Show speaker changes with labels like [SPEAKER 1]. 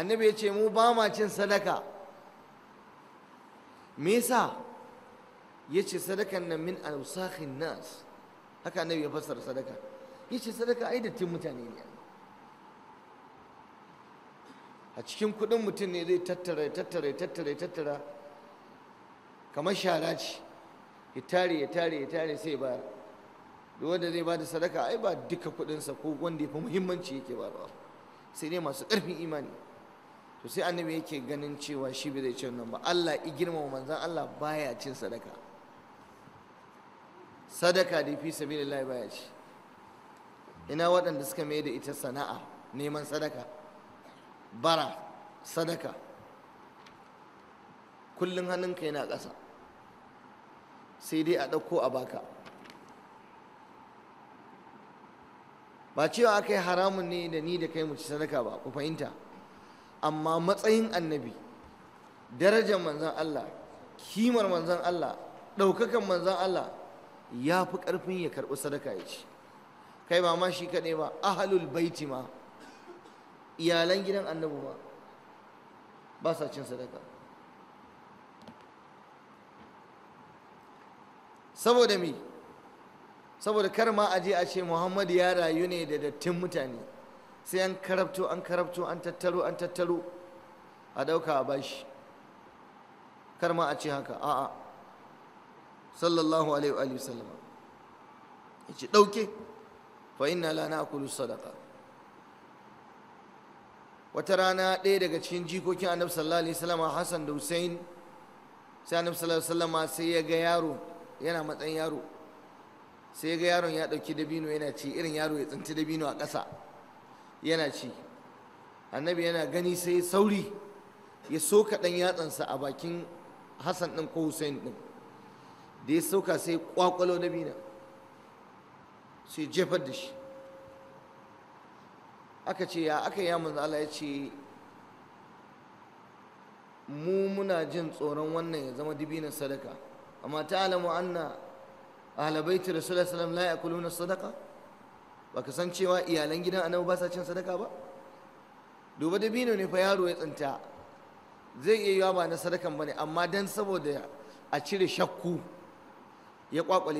[SPEAKER 1] annabi ya ce mu ba ma cin sadaka me yasa ya ce sadakan nan min ausakhin nas haka annabi ya fassara sadaka ya ce sadaka ai dattin mutane ne a cikin kudin mutum ne zai tattara tattara tattara tattara kamar shara ce ya tare ya tare ya tare sai ba duk wanda zai ba da sadaka ai ba duka kudinsa ko wanda ya fi muhimmanci yake ba sai dai masu ƙarfin imani to sai annabi yake ganin cewa shi bai zai ce wannan ba Allah i girmama manzon Allah baya cin sadaka sadaka da fi sabilillah baya ci ina waɗanda suka mai da ita sana'a neman sadaka bara sadaka kullum hannunka yana ƙasa sai dai a ɗauko a baka ba cewa aka yi haramun ne da ni da kai mu ci sadaka ba ku fahimta amma matsayin annabi darajar manzan Allah kimar manzan Allah ɗaukakan manzan Allah ya fi ƙarfin ya karɓi sadaka ya ci kai ba ma shi kaɗai ba ahalul baiti ma iyalan gidan annabi ma ba sa cin sadaka saboda me saboda kar ma a a ce muhammadu ya rayu ne da dattin mutane sai an karabto an karabto an tattaro an tattaro a dauka a bashi kar ma a ce haka a'a sallallahu alaihi wa sallama ya ce Fa'in fa inna la na'kulu sadaqa wata rana ɗaya daga cikin jikokin annabi sallallahu alaihi wasallama Hassan da Hussein sai annabi sallallahu alaihi wasallama sai ya ga yaro yana matsayin yaro sai ya ga yaron ya ɗauki dabino yana ci irin yaro ya tsinci dabino a ƙasa yana ci annabi yana gani sai sauri ya soka ɗan yatsansa a bakin hassan ɗin ko hussein ɗin da ya sauka sai kwakwalo na bina sai jefar da shi aka ce ya aka ya manzo Allah ya ce mu muna jin tsoron wannan ya zama dibinan sadaka amma ta'lamu anna ahlul baiti rasulullahi sallallahu alaihi wasallam la yakuluna sadaka? baka san cewa iyalan gidan annabi ba sa cin sadaka ba duba dabino ne fa yaro ya tsinta zai iya yiwa ba na sadakan ne amma dan saboda a cire shakku ya kwakwale